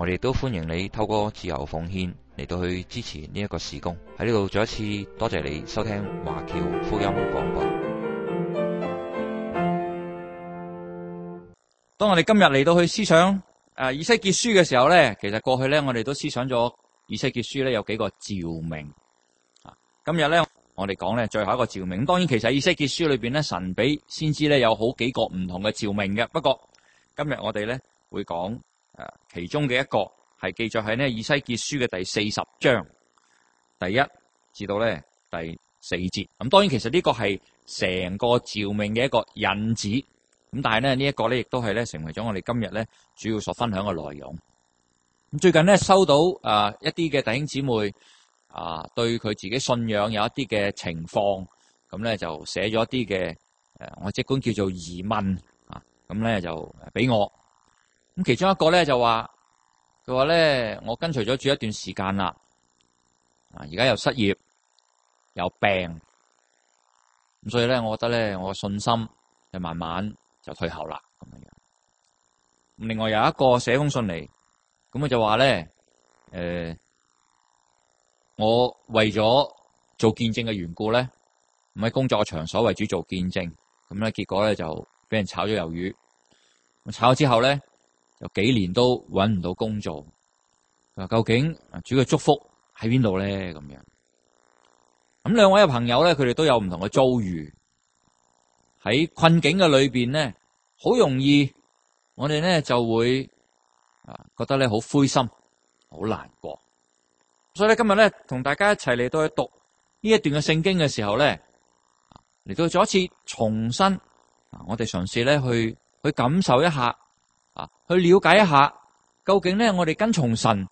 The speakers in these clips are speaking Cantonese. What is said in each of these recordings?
我哋都歡迎你透過自由奉獻嚟到去支持呢一個事工。喺呢度再一次多謝你收聽華僑福音廣播。當我哋今日嚟到去思想誒，以西結書嘅時候咧，其實過去咧我哋都思想咗以西結書咧有幾個召命。今日咧我哋講咧最後一個召命。咁當然，其實以西結書裏邊咧神俾先知咧有好幾個唔同嘅召命嘅。不過今日我哋咧會講。誒，其中嘅一個係記載喺呢《以西結書》嘅第四十章第一至到咧第四節。咁當然，其實呢個係成個召命嘅一個引子。咁但係咧，呢一個咧亦都係咧成為咗我哋今日咧主要所分享嘅內容。咁最近咧收到誒一啲嘅弟兄姊妹啊，對佢自己信仰有一啲嘅情況，咁咧就寫咗啲嘅誒，我即管叫做疑問啊，咁咧就俾我。咁其中一個咧就話：佢話咧，我跟隨咗住一段時間啦，啊，而家又失業又病，咁所以咧，我覺得咧，我嘅信心就慢慢就退後啦。咁樣。另外有一個寫封信嚟，咁佢就話咧，誒、呃，我為咗做見證嘅緣故咧，唔喺工作場所為主做見證，咁咧結果咧就俾人炒咗魷魚。炒咗之後咧。有幾年都揾唔到工作，佢話究竟主嘅祝福喺邊度咧？咁樣，咁兩位嘅朋友咧，佢哋都有唔同嘅遭遇，喺困境嘅裏邊咧，好容易我哋咧就會啊覺得咧好灰心，好難過。所以咧今日咧同大家一齊嚟到去讀呢一段嘅聖經嘅時候咧，嚟到再一次重新啊，我哋嘗試咧去去感受一下。去了解一下究竟咧，我哋跟從神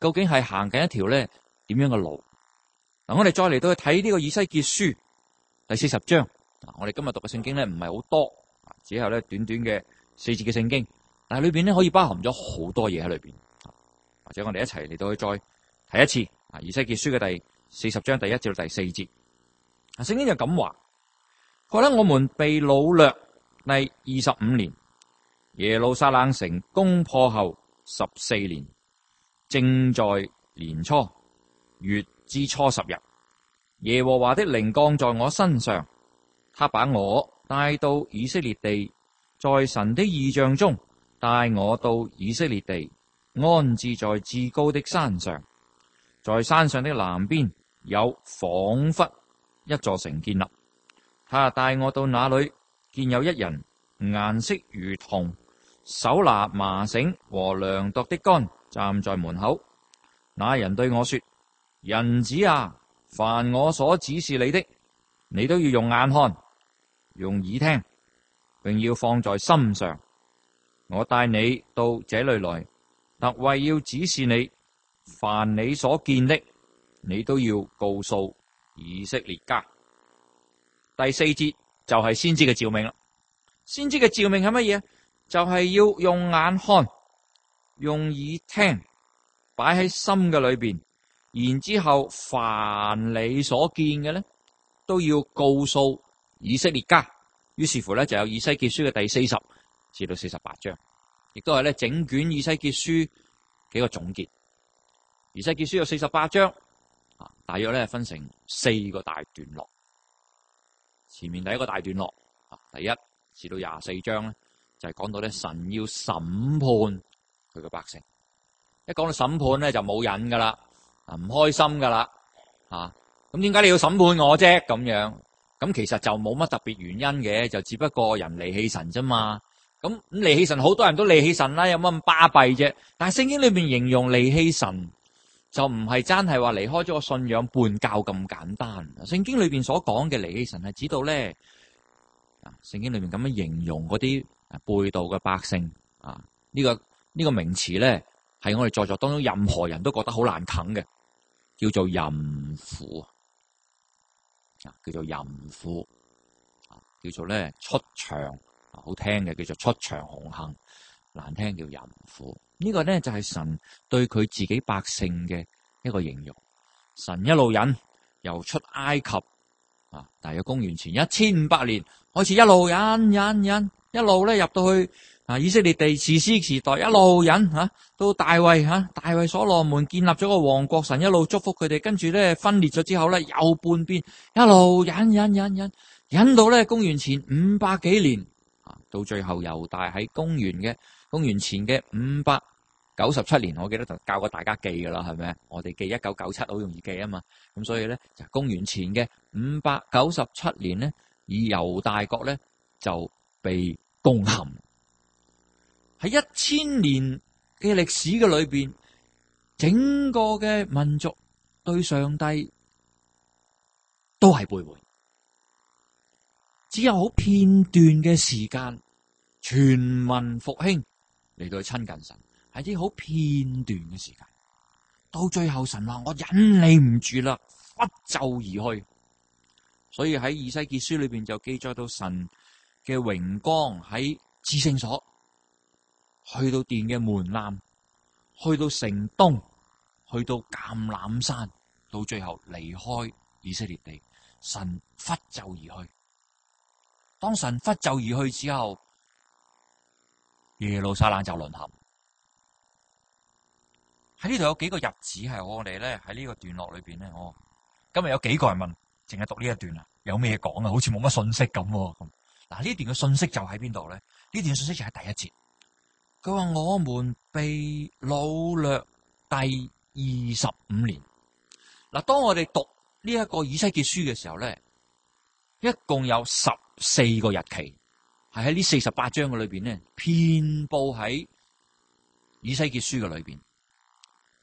究竟係行緊一條咧點樣嘅路？嗱、啊，我哋再嚟到去睇呢、這個以西結書第四十章。嗱、啊，我哋今日讀嘅聖經咧唔係好多，只有咧短短嘅四節嘅聖經，但係裏邊咧可以包含咗好多嘢喺裏邊、啊。或者我哋一齊嚟到去再睇一次啊，以西結書嘅第四十章第一至第四節。啊，聖經就咁話，覺得我們被擄掠第二十五年。耶路撒冷城攻破後十四年，正在年初，月之初十日，耶和華的靈降在我身上，他把我帶到以色列地，在神的意象中帶我到以色列地，安置在至高的山上，在山上的南邊有仿佛一座城建立，他帶我到那裏，見有一人。顏色如銅，手拿麻繩和量度的杆，站在門口。那人對我說：人子啊，凡我所指示你的，你都要用眼看，用耳聽，並要放在心上。我帶你到這裏來，特為要指示你：凡你所見的，你都要告訴以色列家。第四節就係先知嘅召命啦。先知嘅召命係乜嘢？就係、是、要用眼看，用耳聽，擺喺心嘅裏邊，然之後凡你所見嘅咧，都要告訴以色列家。於是乎咧，就有以西結書嘅第四十至到四十八章，亦都係咧整卷以西結書幾個總結。以西結書有四十八章，大約咧分成四個大段落。前面第一個大段落，第一。至到廿四章咧，就係講到咧，神要審判佢個百姓。一講到審判咧，就冇癮噶啦，唔開心噶啦，吓，咁點解你要審判我啫？咁樣咁其實就冇乜特別原因嘅，就只不過人離棄神啫嘛。咁咁離棄神，好多人都離棄神啦，有乜咁巴閉啫？但係聖經裏邊形容離棄神，就唔係真係話離開咗個信仰叛教咁簡單。聖經裏邊所講嘅離棄神，係指到咧。啊！聖經裏面咁樣形容嗰啲背道嘅百姓，啊呢、呢個呢、呢個名詞咧，係我哋在座當中任何人都覺得好難啃嘅，叫做淫婦，啊叫做淫婦，啊叫做咧出牆、啊，好聽嘅叫做出牆紅杏，難聽叫淫婦。呢個、呢個咧就係、是、神對佢自己百姓嘅一個形容。神一路引，由出埃及。啊！大約公元前一千五百年開始一，一路忍忍忍，一路咧入到去啊！以色列地士師時代，一路忍，吓、啊，到大衛吓、啊，大衛所羅門建立咗個王國神，一路祝福佢哋，跟住咧分裂咗之後咧，又半邊一路忍忍忍忍，忍，忍到咧公元前五百幾年啊，到最後猶大喺公元嘅公元前嘅五百。九十七年，我記得就教過大家記噶啦，係咪？我哋記一九九七好容易記啊嘛。咁所以咧，就公元前嘅五百九十七年咧，以猶大國咧就被攻陷。喺一千年嘅歷史嘅裏邊，整個嘅民族對上帝都係背叛，只有好片段嘅時間全民復興嚟到親近神。啲好片段嘅時間，到最後神話我忍你唔住啦，拂袖而去。所以喺《以西結書》裏邊就記載到神嘅榮光喺至聖所，去到殿嘅門檻，去到城東，去到橄欖山，到最後離開以色列地，神拂袖而去。當神拂袖而去之後，耶路撒冷就淪陷。喺呢度有幾個日子係我哋咧喺呢個段落裏邊咧，哦，今日有幾個人問，淨係讀呢一段啊，有咩講啊？好似冇乜信息咁喎。嗱，呢段嘅信息就喺邊度咧？呢段信息就喺第一節。佢話我們被擄掠第二十五年。嗱，當我哋讀呢一個以西結書嘅時候咧，一共有十四個日期，係喺呢四十八章嘅裏邊咧，遍佈喺以西結書嘅裏邊。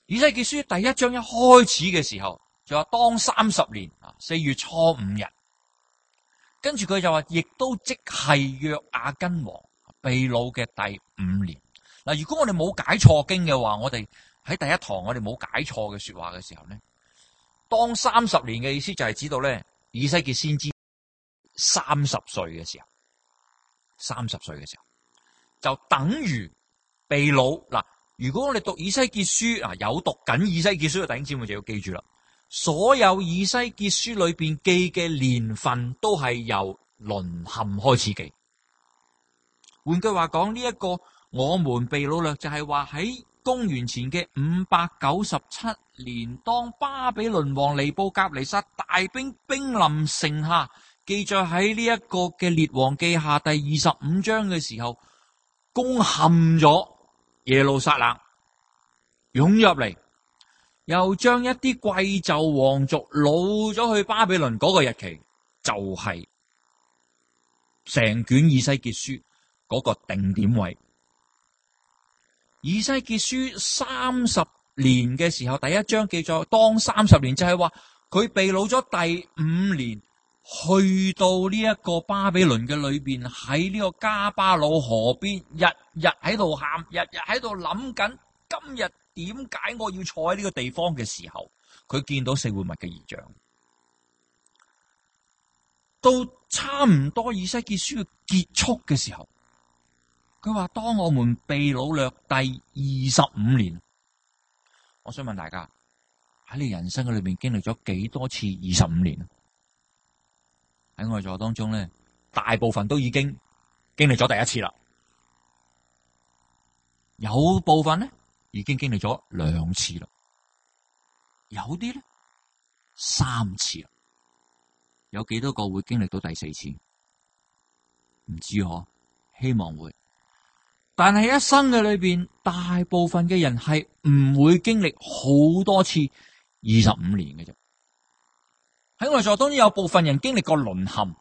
以西結書第一章一開始嘅時候，就話當三十年啊，四月初五日，跟住佢就話，亦都即係約雅斤王被擄嘅第五年。嗱，如果我哋冇解錯經嘅話，我哋喺第一堂我哋冇解錯嘅說話嘅時候咧，當三十年嘅意思就係指到咧，以西結先知三十歲嘅時候，三十歲嘅時候就等於被擄嗱。如果我哋讀以西結書，啊有讀緊以西結書嘅弟兄姊妹就要記住啦，所有以西結書裏邊記嘅年份都係由淪陷開始記。換句話講，呢一個我們被擄掠就係話喺公元前嘅五百九十七年，當巴比倫王尼布甲尼撒大兵兵臨城下，記載喺呢一個嘅列王記下第二十五章嘅時候攻陷咗。耶路撒冷湧入嚟，又將一啲貴冑皇族擄咗去巴比倫嗰個日期，就係、是、成卷以西結書嗰個定點位。以西結書三十年嘅時候，第一章記載，當三十年就係話佢被擄咗第五年。去到呢一個巴比倫嘅裏邊，喺呢個加巴魯河邊，日日喺度喊，日日喺度諗緊今日點解我要坐喺呢個地方嘅時候，佢見到四活物嘅異象。到差唔多以西結書結束嘅時候，佢話：當我們被擄掠第二十五年，我想問大家喺你人生嘅裏邊經歷咗幾多次二十五年？喺在座當中咧，大部分都已經經歷咗第一次啦，有部分咧，已經經歷咗兩次啦，有啲咧，三次啦，有幾多個會經歷到第四次？唔知，我希望會。但係一生嘅裏邊，大部分嘅人係唔會經歷好多次，二十五年嘅啫。喺外在，當然有部分人經歷過淪陷，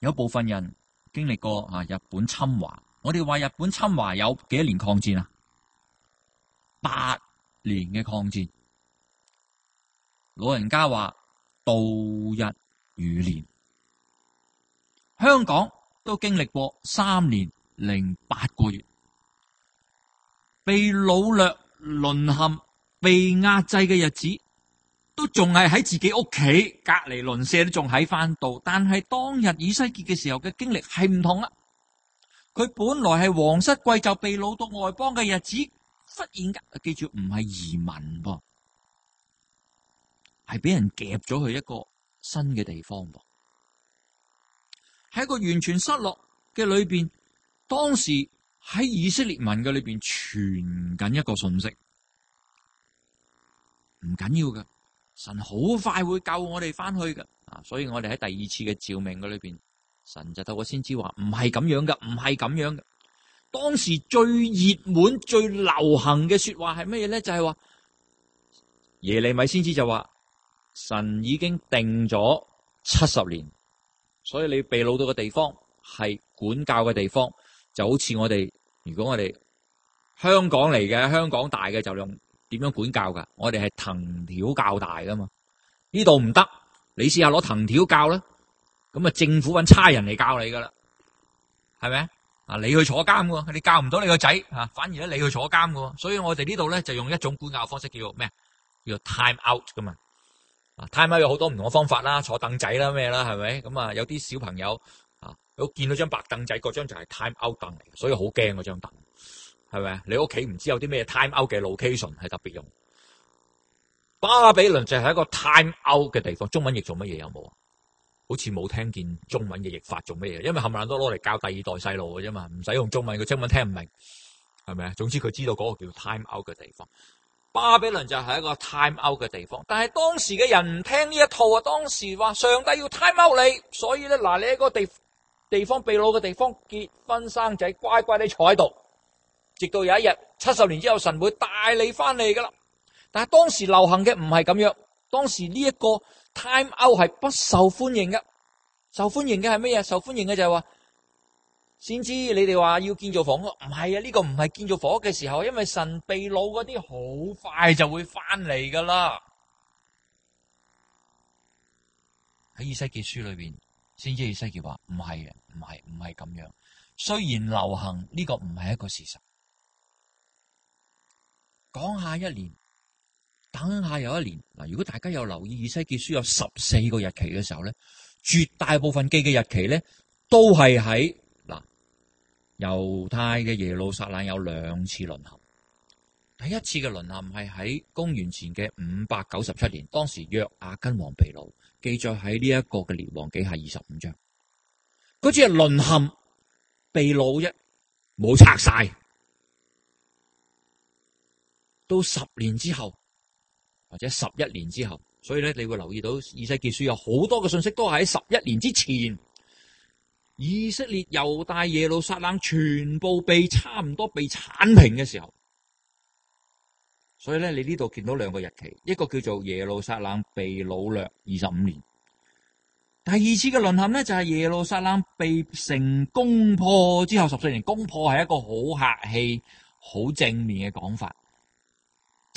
有部分人經歷過啊日本侵華。我哋話日本侵華有幾多年抗戰啊？八年嘅抗戰。老人家話度日如年，香港都經歷過三年零八個月被擄掠、淪陷、被壓制嘅日子。都仲係喺自己屋企隔籬鄰舍，都仲喺翻度。但係當日以西結嘅時候嘅經歷係唔同啦。佢本來係皇室貴族被擄到外邦嘅日子，忽然間記住唔係移民，噃，係俾人夾咗去一個新嘅地方。噃。喺一個完全失落嘅裏邊，當時喺以色列民嘅裏邊傳緊一個信息，唔緊要㗎。神好快會救我哋返去噶，啊！所以我哋喺第二次嘅召命嘅裏邊，神就透過先知話唔係咁樣噶，唔係咁樣嘅。當時最熱門、最流行嘅說話係乜嘢咧？就係、是、話耶利米先知就話神已經定咗七十年，所以你被擄到嘅地方係管教嘅地方，就好似我哋如果我哋香港嚟嘅，香港大嘅就用。點樣管教噶？我哋係藤條教大噶嘛？呢度唔得，你試下攞藤條教啦。咁啊，政府搵差人嚟教你噶啦，係咪啊？你去坐監嘅，你教唔到你個仔啊，反而咧你去坐監嘅。所以我哋呢度咧就用一種管教方式，叫做咩啊？叫做 time out 噶嘛。time out 有好多唔同嘅方法啦，坐凳仔啦，咩啦，係咪？咁啊，有啲小朋友啊，見到張白凳仔嗰張就係 time out 凳嚟，所以好驚嗰張凳。係咪啊？你屋企唔知有啲咩 time out 嘅 location 係特別用？巴比倫就係一個 time out 嘅地方。中文譯做乜嘢有冇啊？好似冇聽見中文嘅譯法做乜嘢？因為冚 𠰤 都攞嚟教第二代細路嘅啫嘛，唔使用，用中文，個中文聽唔明，係咪啊？總之佢知道嗰個叫 time out 嘅地方。巴比倫就係一個 time out 嘅地方。但係當時嘅人唔聽呢一套啊！當時話上帝要 time out 你，所以咧嗱、啊，你喺個地地方秘魯嘅地方結婚生仔，乖乖地坐喺度。直到有一日，七十年之後，神會帶你翻嚟噶啦。但係當時流行嘅唔係咁樣，當時呢一個 time out 係不受歡迎嘅。受歡迎嘅係乜嘢？受歡迎嘅就係話先知你哋話要建造房屋，唔係啊。呢、這個唔係建造房屋嘅時候，因為神被擄嗰啲好快就會翻嚟噶啦。喺以西結書裏邊，先知以西結話唔係嘅，唔係唔係咁樣。雖然流行呢、這個唔係一個事實。講下一年，等下又一年。嗱，如果大家有留意《以西結書》有十四個日期嘅時候咧，絕大部分記嘅日期咧，都係喺嗱猶太嘅耶路撒冷有兩次淪陷。第一次嘅淪陷係喺公元前嘅五百九十七年，當時約阿根王被擄，記載喺呢一個嘅《列王記》係二十五章。嗰次係淪陷，被擄啫，冇拆晒。到十年之後，或者十一年之後，所以咧你會留意到《以西結書》有好多嘅信息都係喺十一年之前，以色列猶大耶路撒冷全部被差唔多被鏟平嘅時候，所以咧你呢度見到兩個日期，一個叫做耶路撒冷被擄掠二十五年，第二次嘅淪陷咧就係耶路撒冷被成功破之後十四年攻破，係一個好客氣、好正面嘅講法。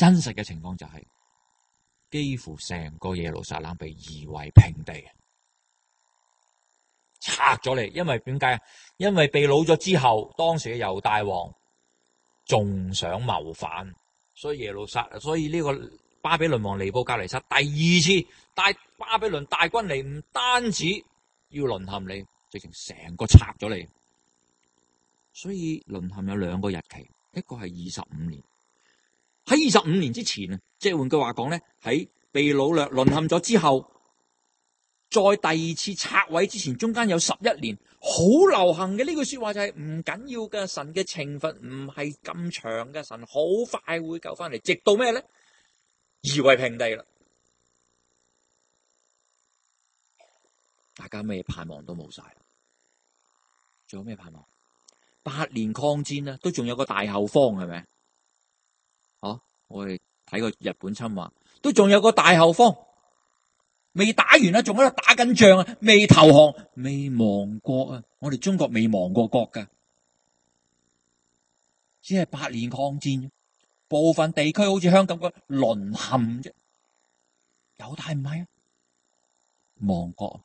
真實嘅情況就係、是，幾乎成個耶路撒冷被夷為平地，拆咗你。因為點解啊？因為被擄咗之後，當時嘅猶大王仲想謀反，所以耶路撒，所以呢個巴比倫王尼布甲尼撒第二次帶巴比倫大軍嚟，唔單止要淪陷你，直情成個拆咗你。所以淪陷有兩個日期，一個係二十五年。喺二十五年之前啊，即係換句話講咧，喺被擄掠，淪陷咗之後，再第二次拆毀之前，中間有十一年，好流行嘅呢句說話就係唔緊要嘅，神嘅懲罰唔係咁長嘅，神好快會救翻嚟，直到咩咧？夷為平地啦！大家咩盼望都冇晒，仲有咩盼望？八年抗戰啊，都仲有個大後方係咪？啊、哦！我哋睇過日本侵華，都仲有個大後方未打完啦，仲喺度打緊仗啊，未投降，未亡國啊！我哋中國未亡過國噶，只係八年抗戰，部分地區好似香港咁淪陷啫，有大唔係啊？亡國啊，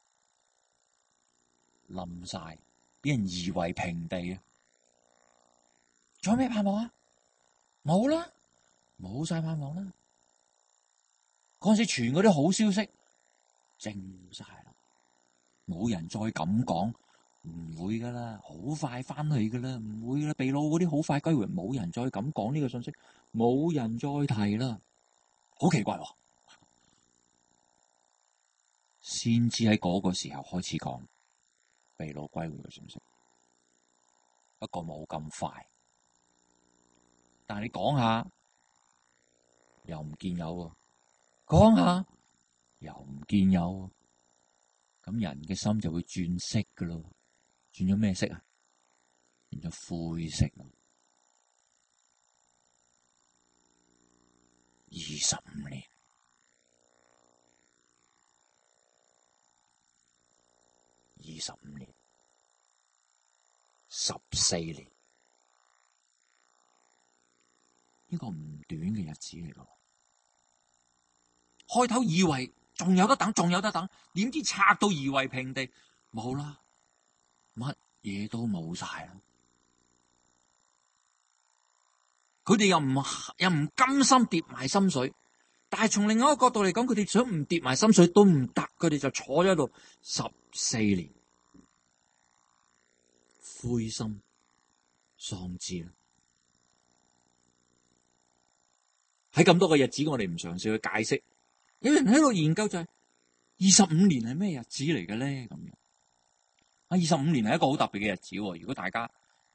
冧晒，俾了人夷為平地啊！仲有咩盼望啊？冇啦～冇晒盼望啦！嗰陣時，全嗰啲好消息靜晒啦，冇人再咁講，唔會噶啦，好快翻去噶啦，唔會啦，被擄嗰啲好快歸回，冇人再咁講呢個信息，冇人再提啦，好奇怪喎、哦！ 先知喺嗰個時候開始講被擄歸回嘅信息，不過冇咁快，但係你講下。又唔見有、啊，講下又唔見有、啊，咁人嘅心就會轉色噶咯，轉咗咩色啊？變咗灰色。二十五年，二十五年，十四年，呢個唔短嘅日子嚟嘅。開頭以為仲有得等，仲有得等，點知拆到夷為平地，冇啦，乜嘢都冇晒啦。佢哋又唔又唔甘心跌埋心水，但係從另外一個角度嚟講，佢哋想唔跌埋心水都唔得，佢哋就坐咗喺度十四年，灰心喪志啦。喺咁多個日子，我哋唔嘗試去解釋。有人喺度研究就係二十五年係咩日子嚟嘅咧？咁樣啊，二十五年係一個好特別嘅日子。如果大家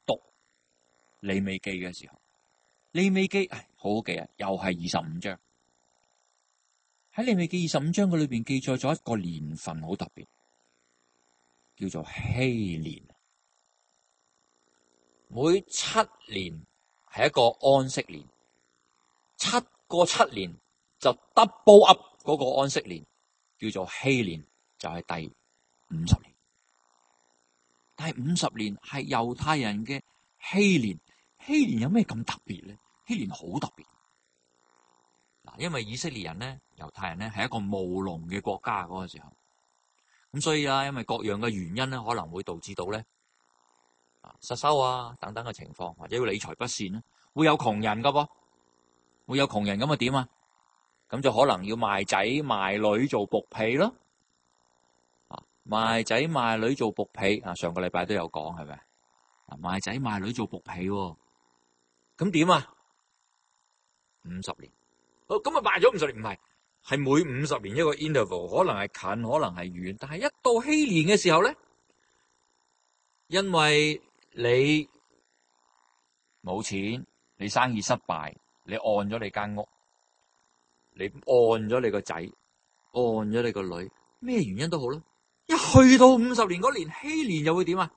讀李《利未記》嘅時候，《利未記》唉，好好記啊，又係二十五章。喺《利未記》二十五章佢裏邊記載咗一個年份好特別，叫做禧年。每七年係一個安息年，七個七年就 double up。嗰個安息年叫做希年，就係、是、第五十年。但係五十年係猶太人嘅希年，希年有咩咁特別咧？希年好特別，嗱，因為以色列人咧、猶太人咧係一個務農嘅國家嗰個時候，咁所以啦，因為各樣嘅原因咧，可能會導致到咧，啊，失收啊等等嘅情況，或者要理財不善啦，會有窮人噶噃，會有窮人咁啊點啊？咁就可能要賣仔賣女做僕婢咯，啊，賣仔賣女做僕婢啊，上個禮拜都有講係咪？啊賣仔賣女做僕婢喎，咁點啊？五十年哦，咁啊賣咗五十年唔係，係每五十年一個 interval，可能係近，可能係遠，但係一到禧年嘅時候咧，因為你冇錢，你生意失敗，你按咗你間屋。你按咗你個仔，按咗你個女，咩原因都好啦。一去到五十年嗰年，禧年又會點啊？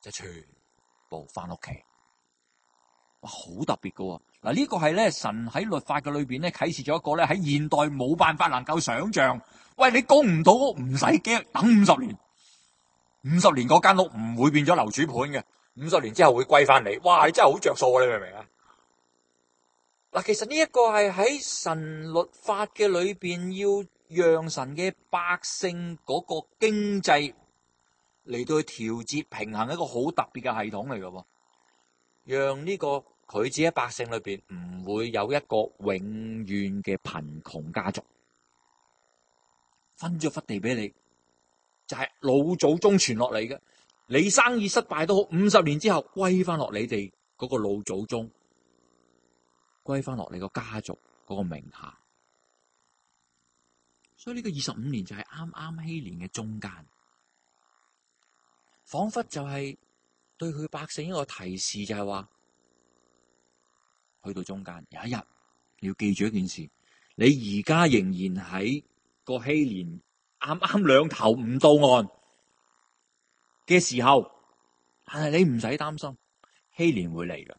就全部翻屋企，哇，好特別噶喎。嗱，呢個係咧神喺律法嘅裏邊咧啟示咗一個咧喺現代冇辦法能夠想象。喂，你供唔到屋唔使驚，等五十年，五十年嗰間屋唔會變咗樓主盤嘅，五十年之後會歸翻你。哇，你真係好着數，你明唔明啊？嗱，其實呢一個係喺神律法嘅裏邊，要讓神嘅百姓嗰個經濟嚟到去調節平衡一個好特別嘅系統嚟嘅喎，讓呢個佢自己百姓裏邊唔會有一個永遠嘅貧窮家族。分咗忽地俾你，就係老祖宗傳落嚟嘅。你生意失敗都好，五十年之後歸翻落你哋嗰個老祖宗。歸翻落你個家族嗰個名下，所以呢個二十五年就係啱啱禧年嘅中間，仿佛就係對佢百姓一個提示就，就係話去到中間有一日你要記住一件事，你而家仍然喺個禧年啱啱兩頭唔到岸嘅時候，但係你唔使擔心禧年會嚟噶。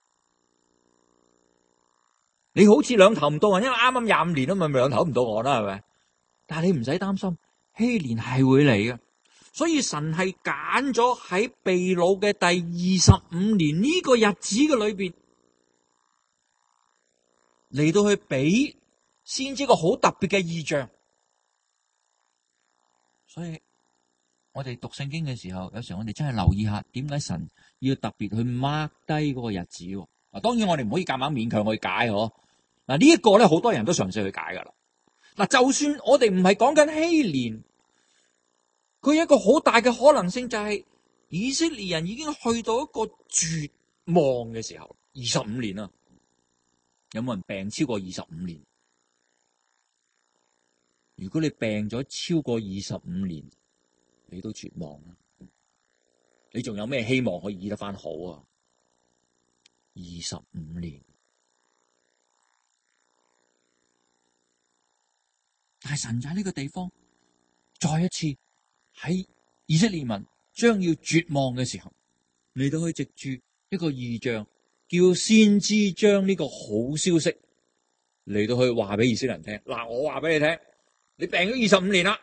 你好似兩頭唔到，因為啱啱廿五年啊嘛，咪兩頭唔到我啦，係咪？但係你唔使擔心，禧年係會嚟嘅。所以神係揀咗喺被擄嘅第二十五年呢個日子嘅裏邊嚟到去俾先知個好特別嘅異象。所以我哋讀聖經嘅時候，有時候我哋真係留意下，點解神要特別去 mark 低嗰個日子？嗱，當然我哋唔可以夾硬勉強去解，嗬。嗱，呢一個咧，好多人都嘗試去解噶啦。嗱，就算我哋唔係講緊禧年，佢有一個好大嘅可能性就係以色列人已經去到一個絕望嘅時候。二十五年啦，有冇人病超過二十五年？如果你病咗超過二十五年，你都絕望啦。你仲有咩希望可以醫得翻好啊？二十五年。大神喺呢個地方，再一次喺以色列民將要絕望嘅時候，嚟到去藉住一個異象，叫先知將呢個好消息嚟到去話俾以色列人聽。嗱，我話俾你聽，你病咗二十五年啦，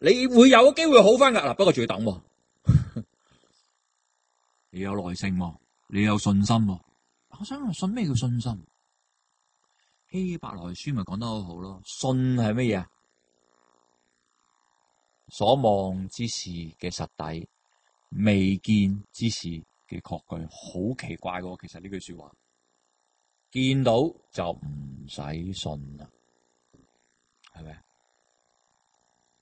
你會有機會好翻噶。嗱，不過仲要等、哦。 你有耐性喎、哦，你有信心喎、哦。我想信咩叫信心？希伯來書咪講得好好咯，信係乜嘢啊？所望之事嘅實底，未見之事嘅確據，好奇怪噶。其實呢句說話，見到就唔使信啦，係咪？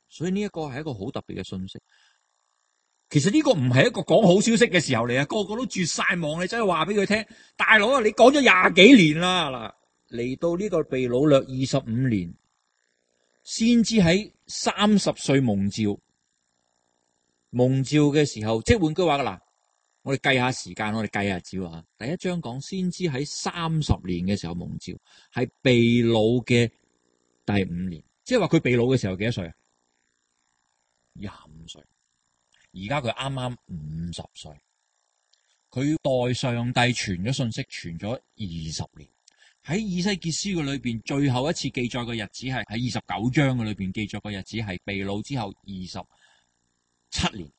所以呢一個係一個好特別嘅信息。其實呢個唔係一個講好消息嘅時候嚟啊，個個都絕晒望，你真係話俾佢聽，大佬啊，你講咗廿幾年啦嗱，嚟到呢個被擄掠二十五年。先知喺三十歲蒙召蒙召嘅時候，即係換句話噶啦，我哋計下時間，我哋計下字啊。第一章講先知喺三十年嘅時候蒙召係被擄嘅第五年，即係話佢被擄嘅時候幾多歲？廿五歲，而家佢啱啱五十歲，佢代上帝傳咗信息，傳咗二十年。喺以西結書嘅裏邊，最後一次記載嘅日子係喺二十九章嘅裏邊，記載嘅日子係被擄之後二十七年，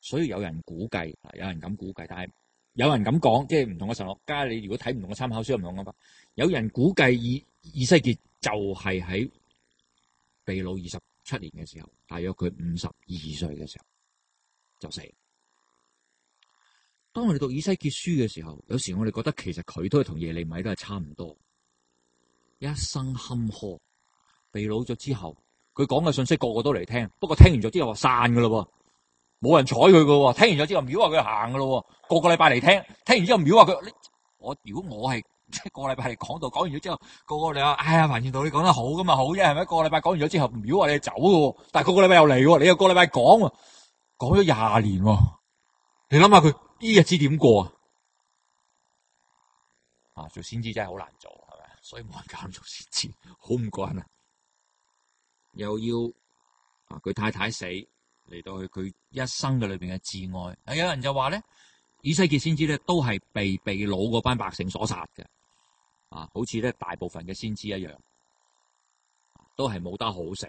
所以有人估計，有人咁估計，但係有人咁講，即係唔同嘅神學家，你如果睇唔同嘅參考書，唔同嘅法，有人估計以以西結就係喺被擄二十七年嘅時候，大約佢五十二歲嘅時候就死。當我哋讀以西結書嘅時候，有時我哋覺得其實佢都係同耶利米都係差唔多，一生坎坷，被老咗之後，佢講嘅信息個個都嚟聽，不過聽完咗之後話散噶啦，冇人睬佢噶，聽完咗之後咪話佢行噶啦，個個禮拜嚟聽，聽完之後咪話佢，我如果我係即係個禮拜嚟講道，講完咗之後，個個嚟話，哎呀，彭傳道你講得好㗎嘛，好啫，係咪？個禮拜講完咗之後，咪話你走噶，但係個個禮拜又嚟，你又個禮拜講，講咗廿年，你諗下佢。呢日子點過啊？啊，做先知真係好難做，係咪？所以冇人敢做先知，好唔慣啊！又要啊，佢太太死嚟到，去佢一生嘅裏邊嘅至愛。啊，有人就話咧，以西結先知咧，都係被被老嗰班百姓所殺嘅啊，好似咧大部分嘅先知一樣，啊，都係冇得好死。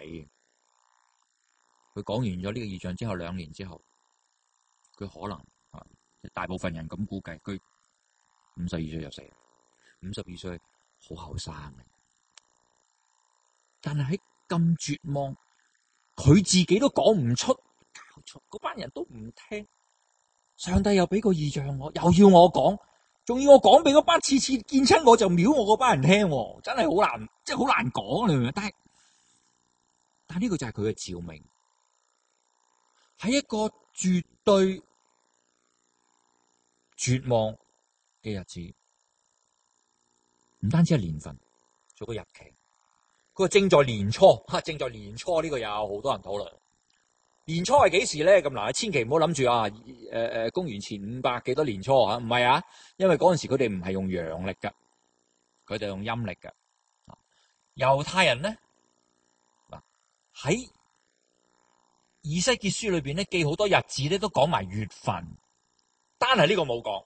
佢講完咗呢個異象之後，兩年之後，佢可能。大部分人咁估計佢五十二歲就死，五十二歲好後生嘅，但係喺咁絕望，佢自己都講唔出，搞錯，嗰班人都唔聽，上帝又俾個異象我，又要我講，仲要我講俾嗰班次次見親我就藐我嗰班人聽，啊，真係好難，即係好難講，你明唔明？但係但係呢個就係佢嘅召命，係一個絕對。絕望嘅日子，唔單止係年份，仲有個日期，佢正在年初，哈，正在年初呢個有好多人討論，年初係幾時咧？咁嗱，你千祈唔好諗住啊，誒誒，公元前五百幾多年初啊，唔係啊，因為嗰陣時佢哋唔係用陽歷噶佢哋用陰歷噶猶太人咧，喺以西結書裏邊咧記好多日子咧都講埋月份。單係呢個冇講，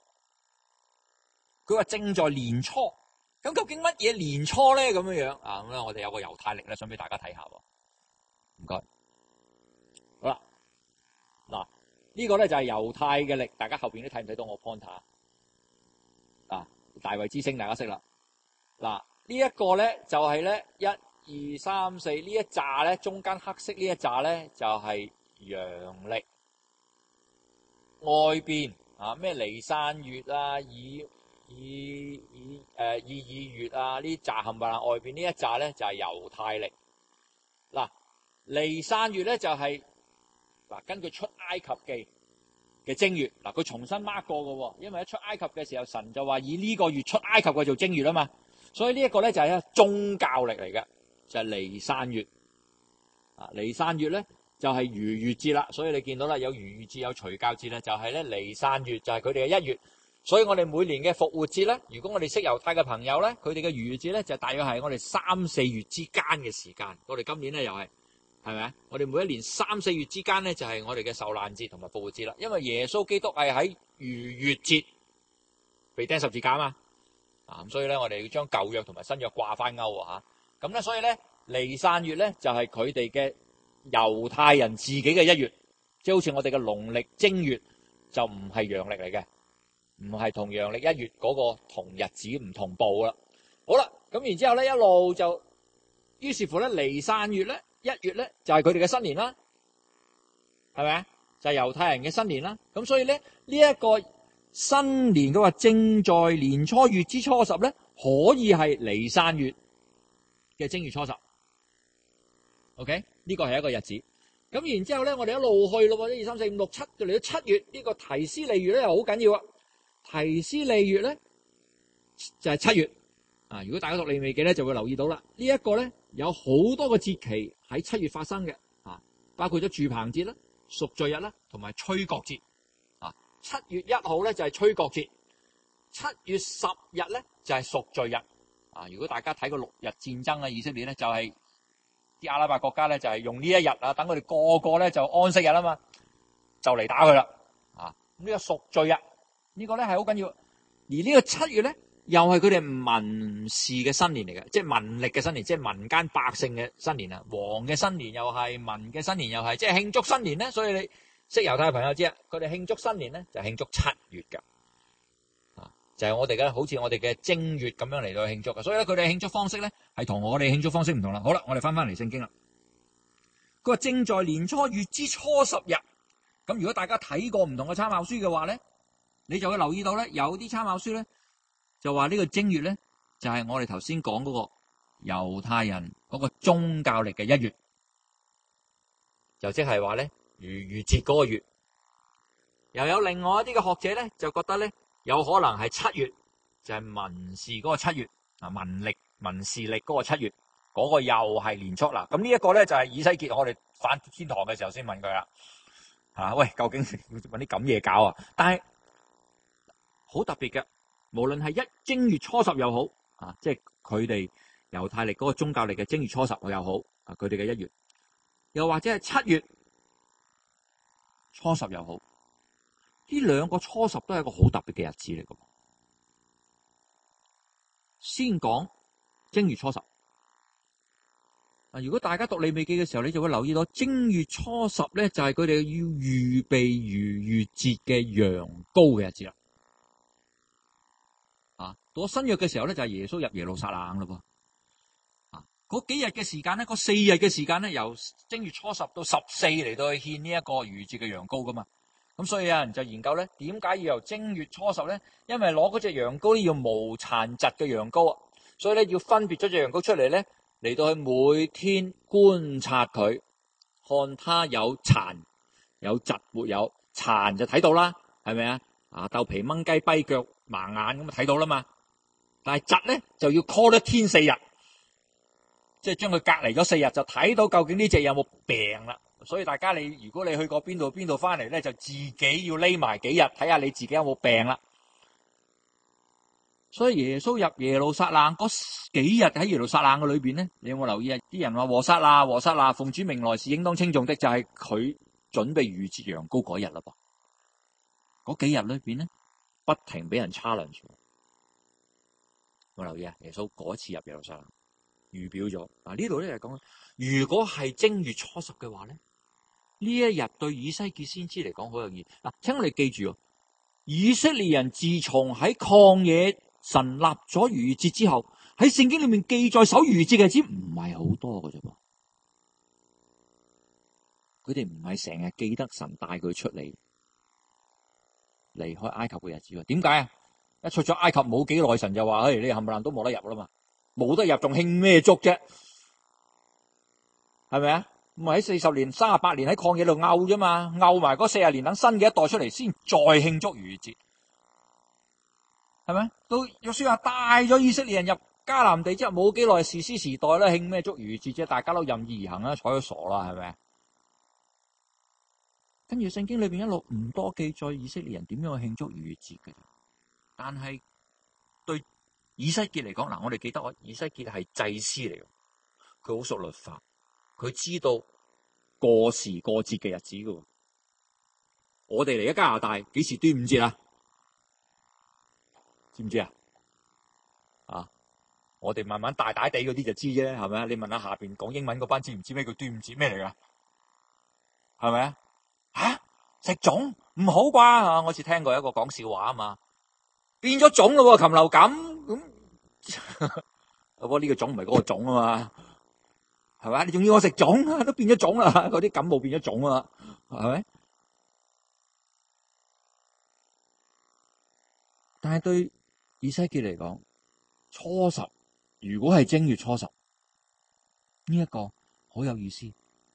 佢話正在年初咁，究竟乜嘢年初咧？咁樣樣啊，咁咧我哋有個猶太歷，咧，想俾大家睇下喎。唔該，好啦，嗱呢、呢個咧就係猶太嘅歷，大家後邊都睇唔睇到我 pointer 啊？大衞之星大家識啦。嗱、呢個、呢、就係、呢 1, 2, 3, 4, 一個咧就係咧一二三四呢一紮咧，中間黑色一呢一紮咧就係陽歷外邊。啊！咩尼山月啦，二二二誒二二月啊，呢扎冚唪唥外邊呢一扎咧就係猶太力。嗱，尼山月咧就係嗱，根據出埃及記嘅正月，嗱佢重新 mark 過嘅喎，因為一出埃及嘅時候神就話以呢個月出埃及去做正月啊嘛，所以呢一個咧就係宗教力嚟嘅，就係、是、尼山月。啊，尼山月咧。就係逾越節啦，所以你見到啦，有逾越節，有除酵節咧，就係咧尼散月，就係佢哋嘅一月。所以我哋每年嘅復活節咧，如果我哋識猶太嘅朋友咧，佢哋嘅逾越節咧就大約係我哋三四月之間嘅時間。我哋今年咧又係，係咪啊？我哋每一年三四月之間咧就係我哋嘅受難節同埋復活節啦。因為耶穌基督係喺逾越節被釘十字架啊嘛，啊咁所以咧我哋要將舊約同埋新約掛返勾啊嚇。咁咧所以咧尼散月咧就係佢哋嘅。猶太人自己嘅一月，即係好似我哋嘅農曆正月，就唔係陽曆嚟嘅，唔係同陽曆一月嗰個同日子唔同步啦。好啦，咁然之後咧，一路就於是乎咧，離散月咧一月咧就係佢哋嘅新年啦，係咪啊？就係、是、猶太人嘅新年啦。咁所以咧呢一、這個新年嘅話，正在年初月之初十咧，可以係離散月嘅正月初十，OK。呢個係一個日子，咁然之後咧，我哋一路去咯一、二、三、四、五、六、七，就嚟到七月呢個提斯利月咧，又好緊要啊！提斯利月咧就係、是、七月啊！如果大家讀利未記咧，就會留意到啦。這個、呢一個咧有好多個節期喺七月發生嘅啊，包括咗住棚節啦、贖罪日啦，同埋吹角節啊。七月一號咧就係吹角節，七月十日咧就係贖罪日啊！如果大家睇過六日戰爭嘅以色列咧，就係、是。阿拉伯國家咧就係、是、用呢一日啊，等佢哋個個咧就安息日啊嘛，就嚟打佢啦啊！咁呢個贖罪啊，這個、呢個咧係好緊要。而呢個七月咧，又係佢哋民事嘅新年嚟嘅，即係民歷嘅新年，即係民間百姓嘅新年啊，王嘅新年又係民嘅新年又係，即係慶祝新年咧。所以你識猶太朋友知啊，佢哋慶祝新年咧就慶祝七月㗎。就係我哋嘅，好似我哋嘅正月咁樣嚟到慶祝嘅，所以咧佢哋慶祝方式咧係同我哋慶祝方式唔同啦。好啦，我哋翻翻嚟聖經啦。佢話正在年初月之初十日。咁如果大家睇過唔同嘅參考書嘅話咧，你就會留意到咧，有啲參考書咧就話呢個正月咧就係、是、我哋頭先講嗰個猶太人嗰個宗教曆嘅一月，就即係話咧逾越節，嗰個月。又有另外一啲嘅學者咧就覺得咧。有可能係七月，就係、是、民事嗰個七月，啊，民曆、民事曆嗰個七月，嗰、那個又係年初啦。咁呢一個咧就係、是、以西結我哋返天堂嘅時候先問佢啦。吓、啊，喂，究竟要搵啲咁嘢搞啊？但係好特別嘅，無論係一正月初十又好，啊，即係佢哋猶太曆嗰個宗教曆嘅正月初十又好，啊，佢哋嘅一月，又或者係七月初十又好。呢兩個初十都係一個好特別嘅日子嚟嘅。先講正月初十啊，如果大家讀《利未記》嘅時候，你就會留意到正月初十咧，就係佢哋要預備逾越節嘅羊羔嘅日子啦。啊，到新約嘅時候咧，就係、是、耶穌入耶路撒冷咯。啊，嗰幾日嘅時間咧，嗰四日嘅時間咧，由正月初十到十四嚟到去獻呢一個逾越嘅羊羔噶嘛。咁所以有人就研究咧，點解要由正月初十咧？因為攞嗰隻羊羔咧，要無殘疾嘅羊羔啊，所以咧，要分別咗隻羊羔出嚟咧，嚟到去每天觀察佢，看他有殘有疾沒有？殘就睇到啦，係咪啊？啊，豆皮、掹雞、跛腳、盲眼咁就睇到啦嘛。但係疾咧就要 call 一天四日，即係將佢隔離咗四日就睇到究竟呢隻有冇病啦。所以大家你如果你去過邊度邊度翻嚟咧，就自己要匿埋幾日，睇下你自己有冇病啦。所以耶穌入耶路撒冷嗰幾日喺耶路撒冷嘅裏邊咧，你有冇留意啊？啲人話和散那和散那奉主名來是應當稱頌的，就係、是、佢準備逾節羊羔嗰日啦。噃，嗰幾日裏邊咧，不停俾人差兩處。有冇留意啊？耶穌嗰次入耶路撒冷預表咗嗱，呢度咧就講如果係正月初十嘅話咧，呢一日對以西結先知嚟講好有意義。嗱，請你哋記住，以色列人自從喺曠野神立咗逾越節之後，喺聖經裡面記載守逾越節嘅日子唔係好多嘅啫。佢哋唔係成日記得神帶佢出嚟離開埃及嘅日子。點解啊？一出咗埃及冇幾耐，神就話：唉，你冚唪唥都冇得入啦嘛，冇得入仲慶咩祝啫？係咪啊？唔係喺四十年，三十八年喺曠野度漚啫嘛，漚埋嗰四十年等新嘅一代出嚟先再慶祝逾節，係咪？到約書亞帶咗以色列人入迦南地之後，冇幾耐士師時代啦，慶咩？慶祝逾節啫？大家都任意而行啦，睬佢傻啦，係咪？跟住聖經裏邊一路唔多記載以色列人點樣慶祝逾節嘅，但係對以西結嚟講，嗱，我哋記得我以西結係祭司嚟嘅，佢好熟律法。佢知道過時過節嘅日子嘅，我哋嚟咗加拿大，幾時端午節啊？知唔知啊？啊！我哋慢慢大大地嗰啲就知啫，係咪啊？你問下下邊講英文嗰班知唔知咩叫端午節咩嚟噶？係咪啊？吓，食粽唔好啩？吓！我似聽過一個講笑話啊嘛，變咗粽咯，禽流感咁，嗯、 不過呢個粽唔係嗰個粽啊嘛。係嘛？你仲要我食粽啊？都變咗粽啦！嗰 啲感冒變咗粽啊，係咪？ 但係對以西結嚟講，初十如果係正月初十，呢、這、一個好有意思，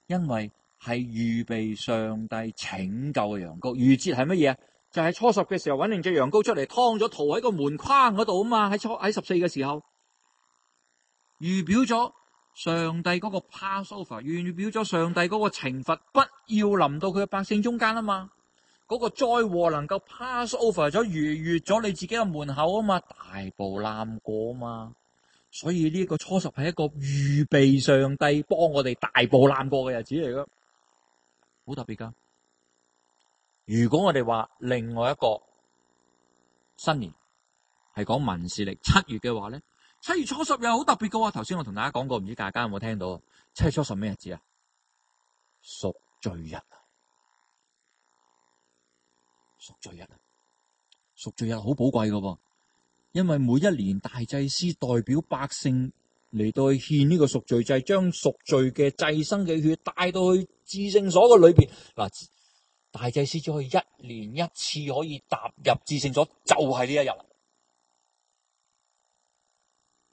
因為係預備上帝拯救嘅羊羔。預節係乜嘢啊？就係、是、初十嘅時候揾定隻羊羔出嚟，劏咗塗喺個門框嗰度啊嘛！喺初喺十四嘅時候，預表咗。上帝嗰個 Passover 預表咗上帝嗰個懲罰不要臨到佢嘅百姓中間啊嘛，嗰、那個災禍能夠 Passover 咗，逾越咗你自己嘅門口啊嘛，大步攬過啊嘛，所以呢個初十係一個預備上帝幫我哋大步攬過嘅日子嚟噶，好特別噶。如果我哋話另外一個新年係講民事曆七月嘅話咧？七月初十又好特別嘅喎，頭先我同大家講過，唔知大家有冇聽到？啊，七月初十咩日子啊？贖罪日啊，贖罪日啊，贖罪日好寶貴嘅噃，因為每一年大祭司代表百姓嚟到獻呢個贖罪祭，將贖罪嘅祭牲嘅血帶到去至聖所嘅裏邊嗱，大祭司只可以一年一次可以踏入至聖所，就係呢一日啦。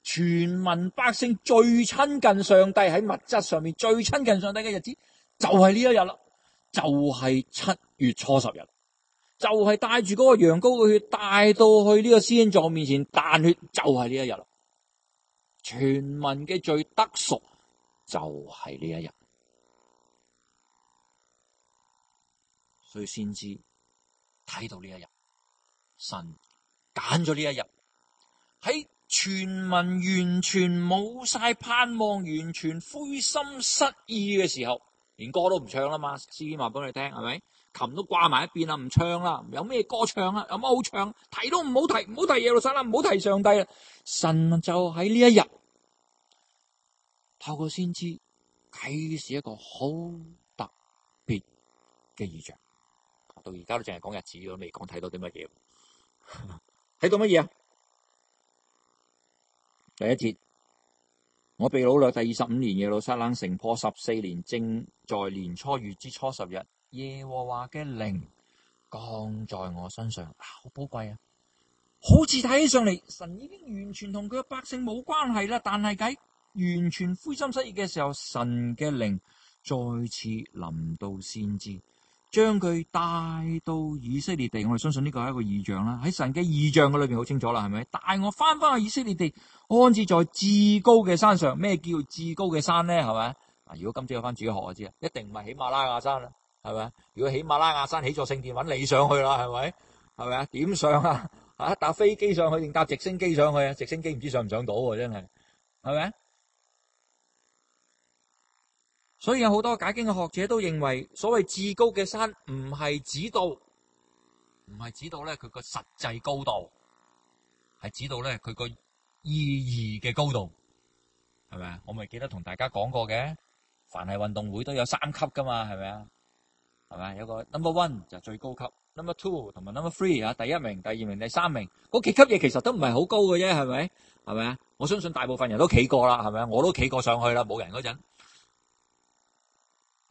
全民百姓最親近上帝喺物質上面最親近上帝嘅日子就係呢一日啦，就係七月初十日，就係帶住嗰個羊羔嘅血帶到去呢個施恩座面前彈血，就係呢一日啦，全民嘅罪得贖就係呢一日，所以先知睇到呢一日，神揀咗呢一日喺。全民完全冇晒盼望，完全灰心失意嘅時候，連歌都唔唱啦嘛，詩經話俾你聽係咪？琴都掛埋一邊啦，唔唱啦，有咩歌唱啊？有乜好唱？提都唔好提，唔好提耶路撒冷，唔好提上帝啊！神就喺呢一日，透過先知啟示一個好特別嘅異象。到而家都淨係講日子，我未講睇到啲乜嘢，睇 到乜嘢啊？第一節，我被擄掠第二十五年，耶路撒冷城破十四年，正在年初月之初十日，耶和華嘅靈降在我身上，好寶貴啊！好似睇、啊、起上嚟，神已經完全同佢嘅百姓冇關係啦，但係喺完全灰心失意嘅時候，神嘅靈再次臨到先知。將佢帶到以色列地，我哋相信呢個係一個異象啦。喺神嘅異象嗰裏邊好清楚啦，係咪？帶我翻翻去以色列地，安置在至高嘅山上。咩叫至高嘅山呢？係咪？啊，如果今朝有翻主學我知啦，一定唔係喜馬拉雅山啦，係咪？如果喜馬拉雅山起座聖殿，搵你上去啦，係咪？係咪啊？點上啊？啊，搭飛機上去定搭直升機上去啊？直升機唔知上唔上到、啊，真係係咪？所以有好多解經嘅學者都認為，所謂至高嘅山唔係指到，唔係指到咧佢個實際高度，係指到咧佢個意義嘅高度，係咪啊？我咪記得同大家講過嘅，凡係運動會都有三級㗎嘛，係咪啊？係咪有個 number one 就最高級，number two 同埋 number three 啊，第一名、第二名、第三名，嗰幾級嘢其實都唔係好高嘅啫，係咪？係咪啊？我相信大部分人都企過啦，係咪啊？我都企過上去啦，冇人嗰陣。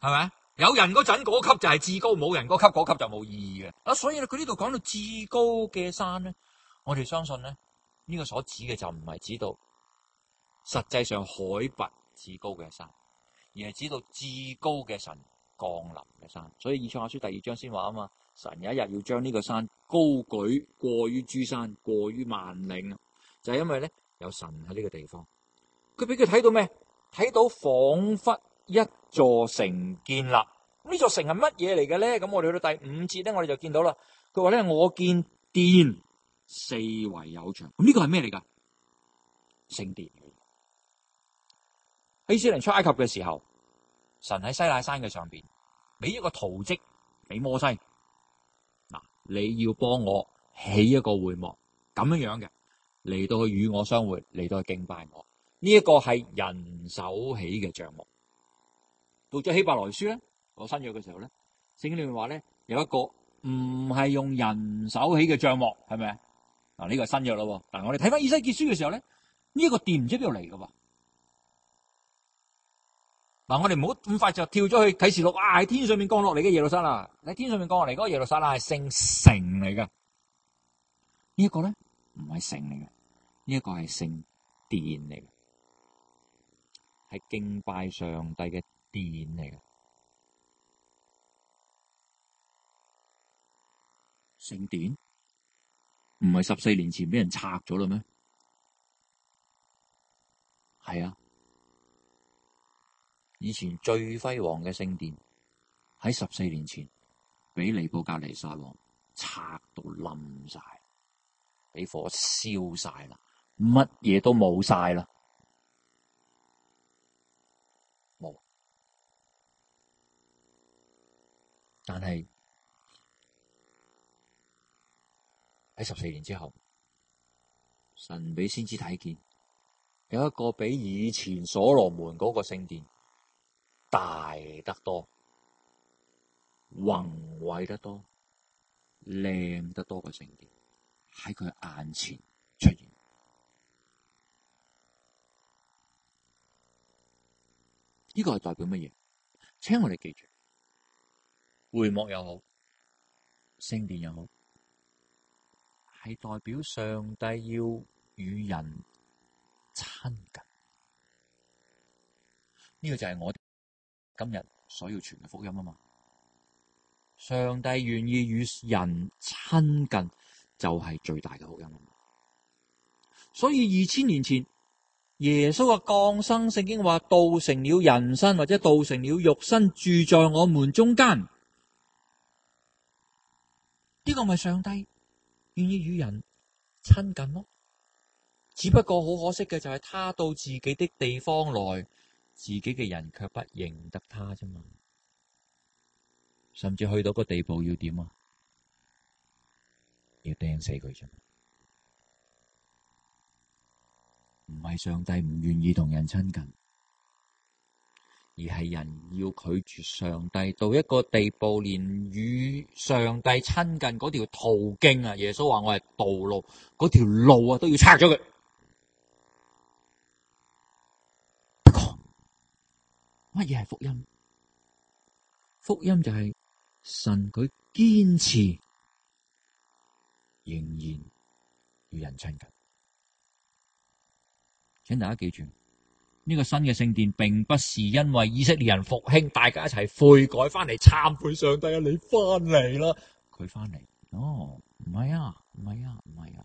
係咪有人嗰陣嗰級就係至高，冇人嗰級級就冇意義嘅。啊，所以咧佢呢度講到至高嘅山咧，我哋相信咧呢、這個所指嘅就唔係指到實際上海拔至高嘅山，而係指到至高嘅神降臨嘅山。所以以賽亞書第二章先話啊嘛，神有一日要將呢個山高舉過於諸山，過於萬嶺啊，就係、是、因為咧有神喺呢個地方，佢俾佢睇到咩？睇到仿佛一。座城建啦，呢座城係乜嘢嚟嘅咧？咁我哋去到第五節咧，我哋就見到啦。佢話咧，我見殿四圍有牆，咁、這、呢個係咩嚟噶？聖殿。希斯靈出埃及嘅時候，神喺西奈山嘅上邊俾一個圖迹俾摩西嗱，你要幫我起一個會幕咁樣樣嘅嚟到去與我相會，嚟到去敬拜我呢一、這個係人手起嘅帳幕。到咗希伯來書咧，講新約嘅時候咧，聖經裏面話咧，有一個唔係用人手起嘅帳幕，係咪啊？嗱，呢個係新約咯。嗱、啊啊，我哋睇翻以西結書嘅時候咧，呢、這個殿唔知邊度嚟嘅噃。嗱、啊，我哋唔好咁快就跳咗去啟示錄啊，喺天上面降落嚟嘅耶路撒冷，喺天上面降落嚟嗰個耶路撒冷係聖城嚟嘅。這個、呢一、這個咧唔係城嚟嘅，呢一個係聖殿嚟嘅，係敬拜上帝嘅。殿嚟嘅聖殿，唔係十四年前俾人拆咗嘞咩？係啊，以前最輝煌嘅聖殿喺十四年前俾尼布甲尼撒王拆到冧晒，俾火燒晒啦，乜嘢都冇晒啦。但係喺十四年之後，神俾先知睇見，有一個比以前所羅門個聖殿大得多、宏偉得多、靚得多嘅聖殿喺佢眼前出現。呢、這個係代表乜嘢？請我哋記住。會幕又好，聖殿又好，係代表上帝要與人親近。呢、這個就係我今日所要傳嘅福音吖嘛，上帝願意與人親近，就係、是、最大嘅福音。所以二千年前耶穌嘅降生，聖經話道成了人身，或者道成了肉身，住在我們中間。咁咪上帝願意與人親近咯，只不過好可惜嘅就係他到自己的地方來，自己嘅人卻不認得他啫嘛，甚至去到個地步要點啊，要釘死佢啫，唔係上帝唔願意同人親近。而係人要拒絕上帝到一個地步，連與上帝親近嗰條途徑啊，耶穌話我係道路，嗰條路啊，都要拆咗佢。不過乜嘢係福音？福音就係神佢堅持仍然與人親近，請大家記住。呢個新嘅聖殿，並不是因為以色列人復興，大家一齊悔改，翻嚟懺悔上帝啊！你翻嚟啦，佢翻嚟哦，唔係啊，唔係啊，唔係啊，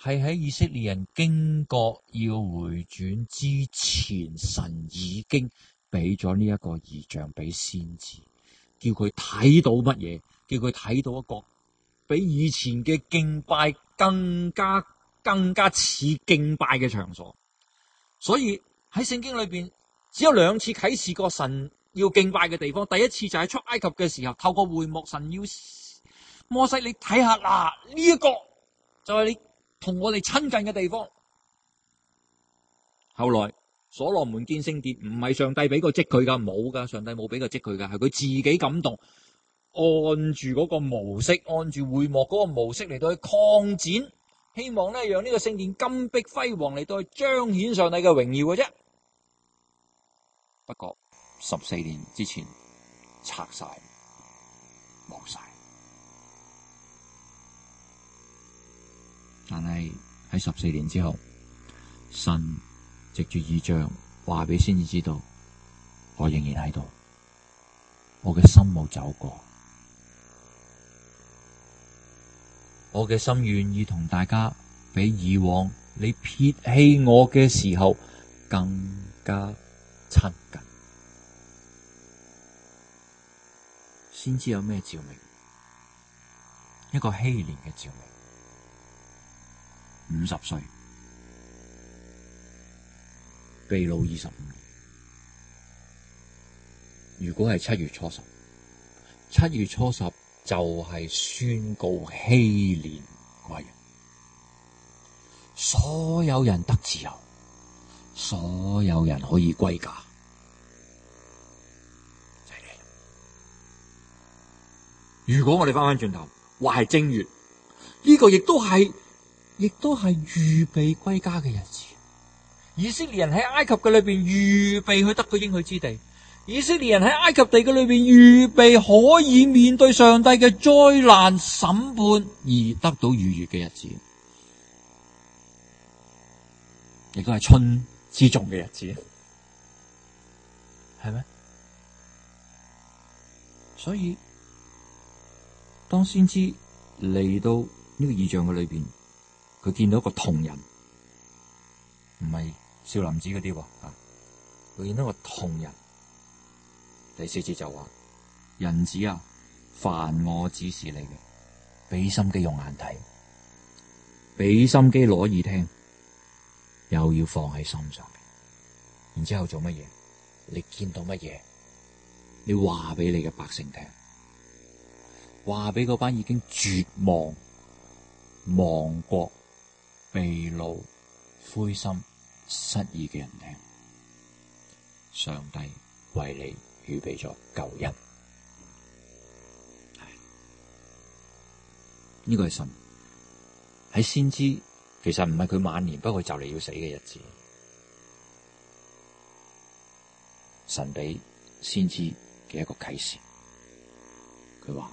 係喺、啊、以色列人經過要回轉之前，神已經俾咗呢一個異象俾先知，叫佢睇到乜嘢，叫佢睇到一個比以前嘅敬拜更加更加似敬拜嘅場所。所以喺聖經裏邊，只有兩次啟示過神要敬拜嘅地方。第一次就係出埃及嘅時候，透過會幕，神要摩西你睇下，嗱呢一個就係你同我哋親近嘅地方。後來所羅門建聖殿，唔係上帝俾個職佢噶，冇噶，上帝冇俾個職佢噶，係佢自己感動，按住嗰個模式，按住會幕嗰個模式嚟到去擴展。希望咧，讓呢個聖殿金碧輝煌，嚟到去彰顯上帝嘅榮耀嘅啫。不過十四年之前拆晒，冇晒，但係喺十四年之後，神藉住異象話俾先知知道，我仍然喺度，我嘅心冇走過。我嘅心願已同大家比以往，你撇棄我嘅時候更加親近。先知有咩召命？一個禧年嘅召命，五十歲被擄二十五年。如果係七月初十，七月初十，就係宣告禧年人，所有人得自由，所有人可以歸家，就是。如果我哋翻翻轉頭，話係正月，呢個亦都係，亦都係預備歸家嘅日子。以色列人喺埃及嘅裏邊預備去得到應許之地。以色列人喺埃及地嘅裏邊預備可以面對上帝嘅災難審判而得到逾越嘅日子，亦都係春之種嘅日子，係咩嗎？所以當先知嚟到呢個異象嘅裏邊，佢見到一個銅人，唔係少林寺嗰啲，啊，佢見到個銅人。第四節就話：人子啊，凡我指示你嘅，俾心機用眼睇，俾心機攞耳聽，又要放喺心上嘅，然之後做乜嘢？你見到乜嘢？你話俾你嘅百姓聽，話俾嗰班已經絕望、亡國、被擄、灰心、失意嘅人聽，上帝為你。預備咗救恩，呢、這個係神喺先知，其實唔係佢晚年，不過就嚟要死嘅日子，神俾先知嘅一個啟示。佢話：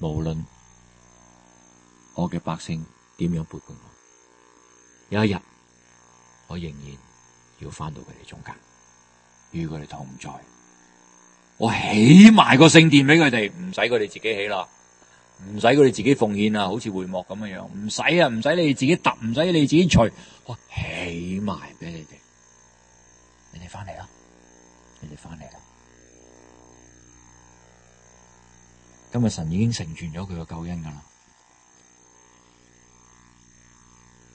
無論我嘅百姓點樣背叛我，有一日我仍然要翻到佢哋中間，與佢哋同在。我起埋個聖殿俾佢哋，唔使佢哋自己起啦，唔使佢哋自己奉獻啦，好似會幕咁嘅樣，唔使啊，唔使你自己揼，唔使你自己除，我起埋俾你哋，你哋翻嚟啦，你哋翻嚟啦，今日神已經成全咗佢嘅救恩噶啦，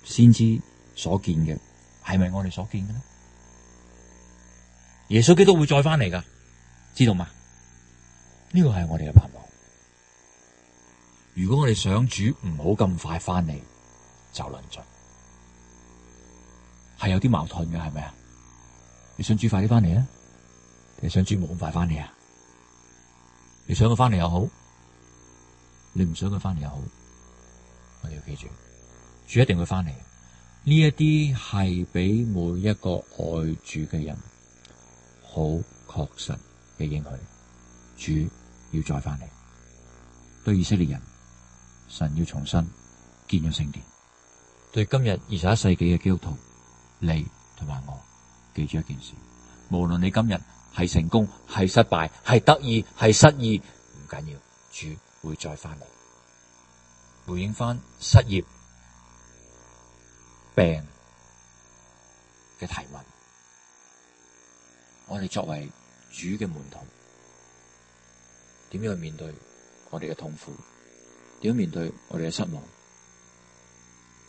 先知所見嘅係咪我哋所見嘅呢？耶穌基督會再翻嚟噶。知道嗎？呢、這個係我哋嘅盼望。如果我哋想主唔好咁快翻嚟，就論盡係有啲矛盾嘅，係咪啊？你想主快啲翻嚟啊？你想主冇咁快翻嚟啊？你想佢翻嚟又好，你唔想佢翻嚟又好，我哋要記住，主一定會翻嚟。呢一啲係俾每一個愛主嘅人好確實嘅應許，主要再翻嚟，對以色列人，神要重新建咗聖殿。對今日二十一世紀嘅基督徒，你同埋我記住一件事：無論你今日係成功、係失敗、係得意、係失意，唔緊要，主會再翻嚟，回應翻失業、病嘅提問。我哋作為主嘅門徒點樣去面對我哋嘅痛苦？點樣面對我哋嘅失望？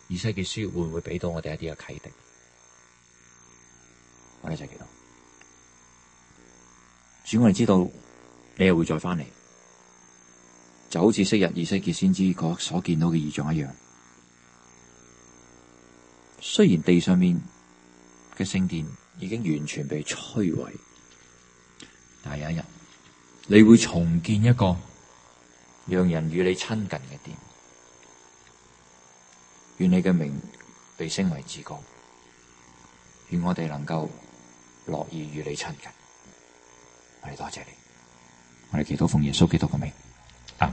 以西結書會唔會俾到我哋一啲嘅啟迪？我哋一齊祈禱主，我哋知道你又會再翻嚟，就好似昔日以西結先知嗰所見到嘅異象一樣。雖然地上面嘅聖殿已經完全被摧毀。有一日，你會重建一個讓人與你親近嘅殿，願你嘅名被升為至高，願我哋能夠樂意與你親近。我哋多謝你，我哋祈禱奉耶穌基督嘅名。阿、啊